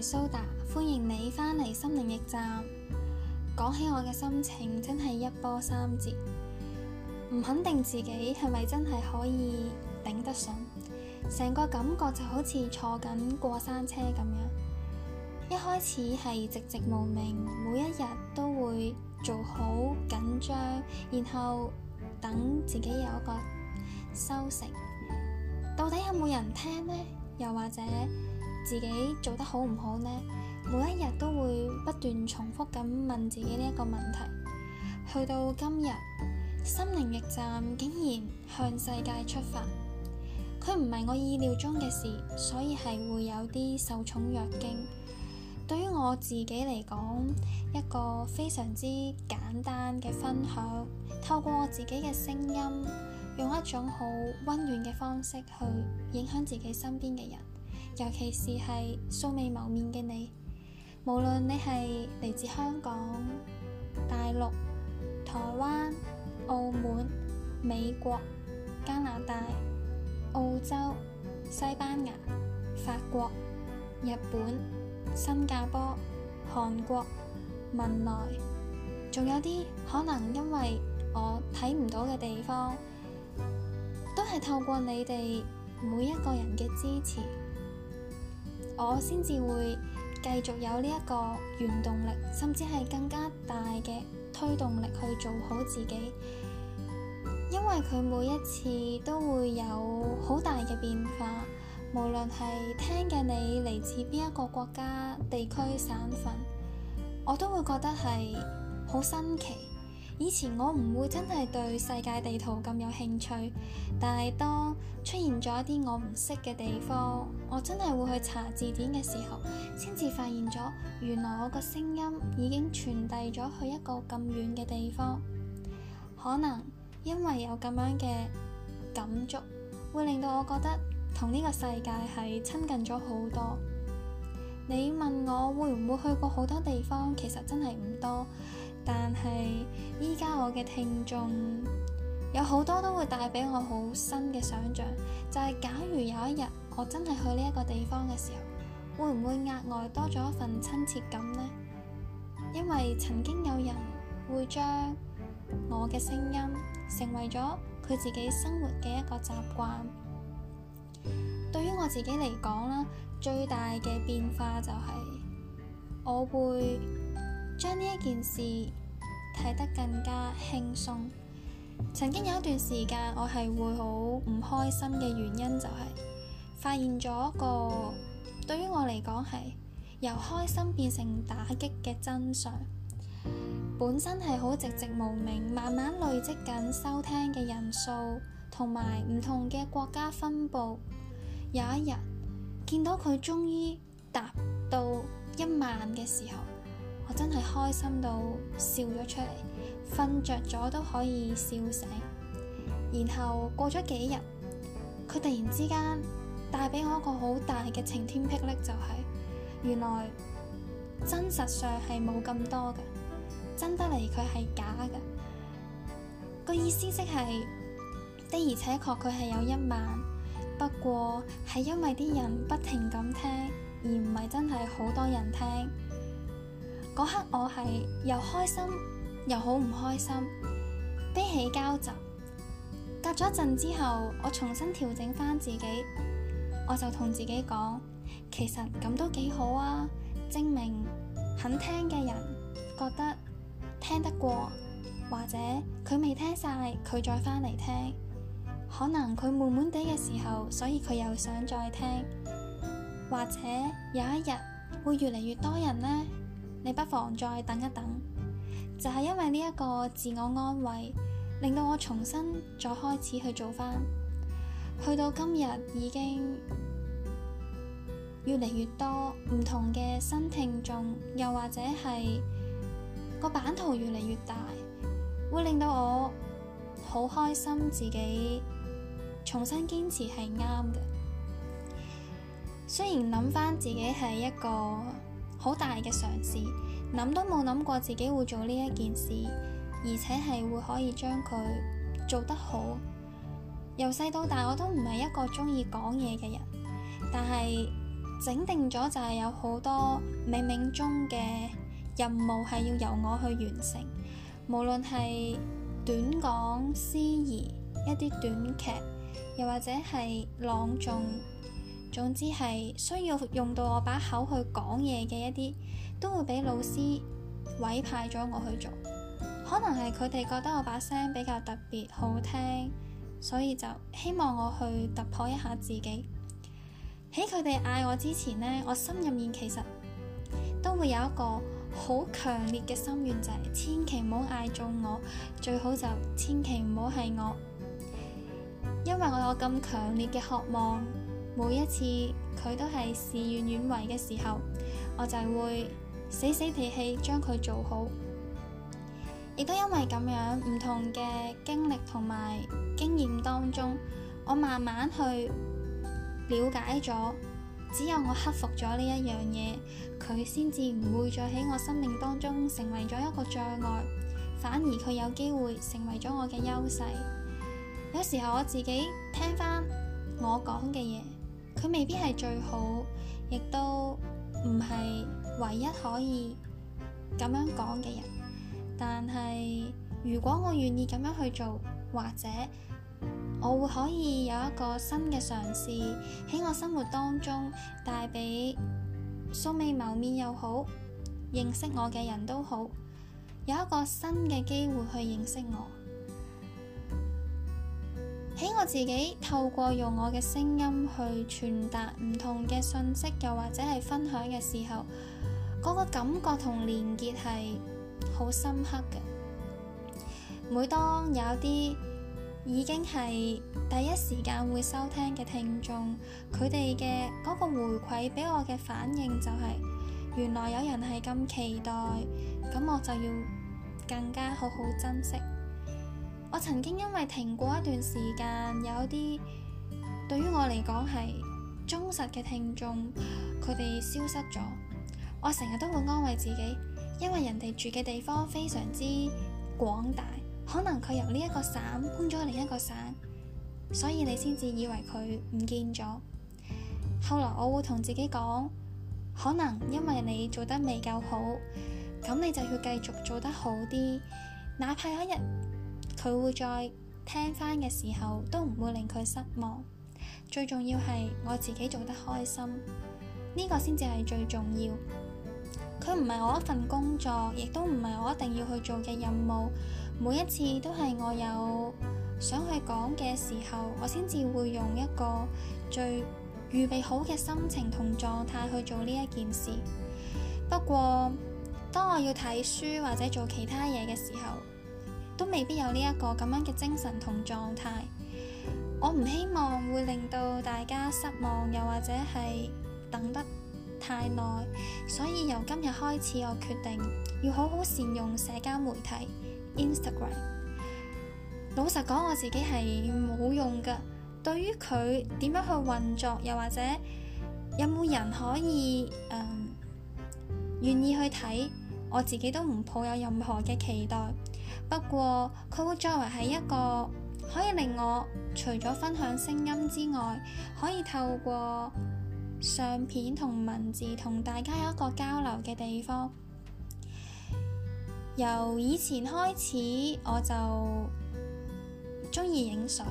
蘇達，Soda，歡迎你翻嚟心靈驛站。講起我嘅心情，真係一波三折，唔肯定自己係咪真係可以頂得順，成個感覺就好似坐緊過山車咁樣。一開始係寂寂無名，每一日都會做好緊張，然後等自己有一個收成。到底有冇人聽呢？又或者？自己做得好唔好呢？每一日都會不斷重複咁問自己呢一個問題。去到今日，心靈驛站竟然向世界出發，佢唔係我意料中嘅事，所以係會有啲受寵若驚。對於我自己嚟講，一個非常之簡單嘅分享，透過我自己嘅聲音，用一種好溫暖嘅方式去影響自己身邊嘅人。尤其是係素未謀面嘅你，無論你係嚟自香港、大陸、台灣、澳門、美國、加拿大、澳洲、西班牙、法國、日本、新加坡、韓國、文萊，仲有啲可能因為我睇唔到嘅地方，都係透過你哋每一個人嘅支持。我先至會繼續有呢一個原動力，甚至係更加大嘅推動力去做好自己，因為佢每一次都會有好大嘅變化，無論係聽嘅你嚟自邊一個國家、地區、省份，我都會覺得係好新奇。以前我唔會真係對世界地圖咁有興趣，但係當出現咗一啲我唔識嘅地方，我真係會去查字典嘅時候，先至發現咗原來我個聲音已經傳遞咗去一個咁遠嘅地方。可能因為有咁樣嘅感觸，會令到我覺得同呢個世界係親近咗好多。你問我會唔會去過好多地方，其實真係唔多。但係依家我嘅聽眾有好多都會帶俾我好新嘅想象就係假如有一日我真係去呢一個地方嘅時候，會唔會額外多咗一份親切感呢？因為曾經有人會將我嘅聲音成為咗佢自己生活嘅一個習慣。對於我自己嚟講啦，最大嘅變化就係我會將呢一件事。睇得更加輕鬆。曾經有一段時間，我係會好唔開心嘅原因就係、是、發現咗一個對於我嚟講係由開心變成打擊嘅真相。本身係好寂寂無名，慢慢累積緊收聽嘅人數同埋唔同嘅國家分佈。有一日見到佢終於達到一萬嘅時候。我真係開心到笑咗出嚟，瞓着咗都可以笑醒。然後過咗幾日，佢突然之間帶俾我一個好大嘅晴天霹靂，就是，就係原來真實上係冇咁多嘅，真得嚟佢係假嘅。個意思即係的而且確佢係有一萬，不過係因為啲人不停咁聽，而唔係真係好多人聽。嗰刻我係又開心又好唔開心，悲喜交集。隔咗一陣之後，我重新調整翻自己，我就同自己講，其實咁都幾好啊，證明肯聽嘅人覺得聽得過，或者佢未聽晒，佢再返嚟聽。可能佢悶悶地嘅時候，所以佢又想再聽，或者有一日會越嚟越多人呢。你不妨再等一等，就係因為呢一個自我安慰，令到我重新再開始去做翻。去到今日已經越嚟越多唔同嘅新聽眾，又或者係個版圖越嚟越大，會令到我好開心自己重新堅持係啱嘅。雖然諗翻自己係一個。好大嘅嘗試，諗都冇諗過自己會做呢一件事，而且係會可以將佢做得好。由細到大我都唔係一個鍾意講嘢嘅人，但係整定咗就係有好多冥冥中嘅任務係要由我去完成，無論係短講、司儀、一啲短劇，又或者係朗誦。總之係需要用到我把口去講嘢嘅一啲，都會俾老師委派咗我去做。可能係佢哋覺得我把聲比較特別好聽，所以就希望我去突破一下自己。喺佢哋嗌我之前呢，我心入面其實都會有一個好強烈嘅心願，就係千祈唔好嗌中我，最好就千祈唔好係我，因為我有咁強烈嘅渴望。每一次佢都係事與願違嘅時候，我就會死死地氣將佢做好。亦都因為咁樣唔同嘅經歷同埋經驗當中，我慢慢去了解咗，只有我克服咗呢一樣嘢，佢先至唔會再喺我生命當中成為咗一個障礙，反而佢有機會成為咗我嘅優勢。有時候我自己聽翻我講嘅嘢。佢未必係最好，亦都唔係唯一可以咁樣講嘅人。但係如果我願意咁樣去做，或者我會可以有一個新嘅嘗試，喺我生活當中，帶俾素未謀面又好認識我嘅人都好，有一個新嘅機會去認識我。喺我自己透過用我嘅聲音去傳達唔同嘅信息，又或者係分享嘅時候，嗰個感覺同連結係好深刻嘅。每當有啲已經係第一時間會收聽嘅聽眾，佢哋嘅嗰個回饋俾我嘅反應就係，原來有人係咁期待，咁我就要更加好好珍惜。我曾經因為停過一段時間，有啲對於我嚟講係忠實嘅聽眾，佢哋消失咗。我成日都會安慰自己，因為人哋住嘅地方非常之廣大，可能佢由呢一個省搬咗另一個省，所以你先至以為佢唔見咗。後來我會同自己講，可能因為你做得未夠好，咁你就要繼續做得好啲，哪怕有一日。佢會再聽返嘅時候，都唔會令佢失望。最重要係我自己做得開心，呢個先至係最重要。佢唔係我一份工作，亦都唔係我一定要去做嘅任務。每一次都係我有想去講嘅時候，我先至會用一個最預備好嘅心情同狀態去做呢一件事。不過，當我要睇書或者做其他嘢嘅時候，都未必有呢、這、一個咁樣嘅精神同狀態。我唔希望會令到大家失望，又或者係等得太耐，所以由今日開始，我決定要好好善用社交媒體 Instagram。老實講，我自己係冇用㗎。對於佢點樣去運作，又或者有冇人可以誒願、呃、意去睇，我自己都唔抱有任何嘅期待。不過佢會作為係一個可以令我除咗分享聲音之外，可以透過相片同文字同大家有一個交流嘅地方。由以前開始，我就中意影相。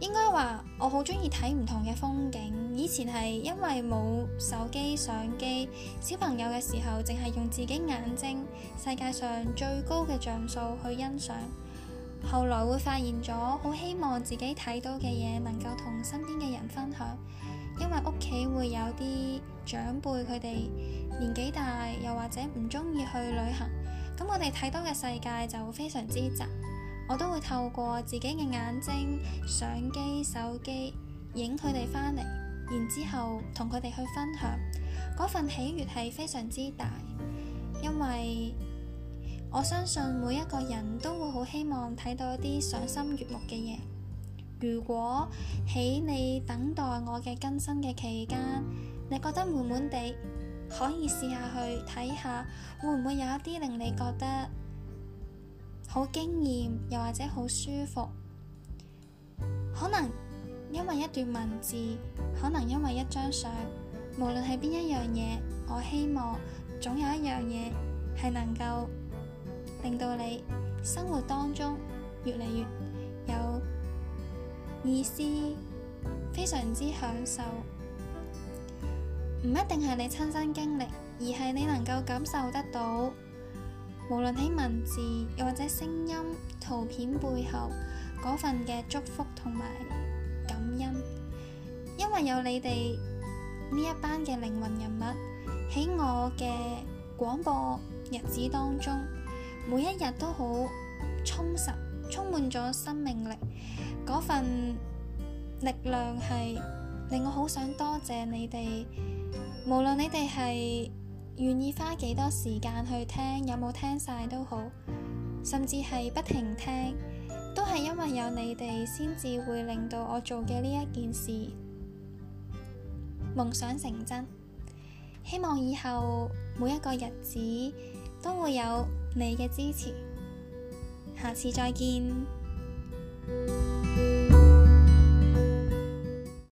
應該話我好中意睇唔同嘅風景。以前係因為冇手機相機，小朋友嘅時候淨係用自己眼睛，世界上最高嘅像素去欣賞。後來會發現咗，好希望自己睇到嘅嘢能夠同身邊嘅人分享，因為屋企會有啲長輩佢哋年紀大，又或者唔中意去旅行，咁我哋睇到嘅世界就非常之窄。我都會透過自己嘅眼睛、相機、手機影佢哋返嚟，然之後同佢哋去分享嗰份喜悅係非常之大，因為我相信每一個人都會好希望睇到一啲賞心悅目嘅嘢。如果喺你等待我嘅更新嘅期間，你覺得悶悶地，可以試下去睇下，看看會唔會有一啲令你覺得好驚艷，又或者好舒服，可能因為一段文字，可能因為一張相，無論係邊一樣嘢，我希望總有一樣嘢係能夠令到你生活當中越嚟越有意思，非常之享受。唔一定係你親身經歷，而係你能夠感受得到。無論喺文字又或者聲音、圖片背後嗰份嘅祝福同埋感恩，因為有你哋呢一班嘅靈魂人物喺我嘅廣播日子當中，每一日都好充實，充滿咗生命力。嗰份力量係令我好想多謝你哋，無論你哋係，願意花幾多時間去聽，有冇聽晒都好，甚至係不停聽，都係因為有你哋，先至會令到我做嘅呢一件事夢想成真。希望以後每一個日子都會有你嘅支持。下次再見。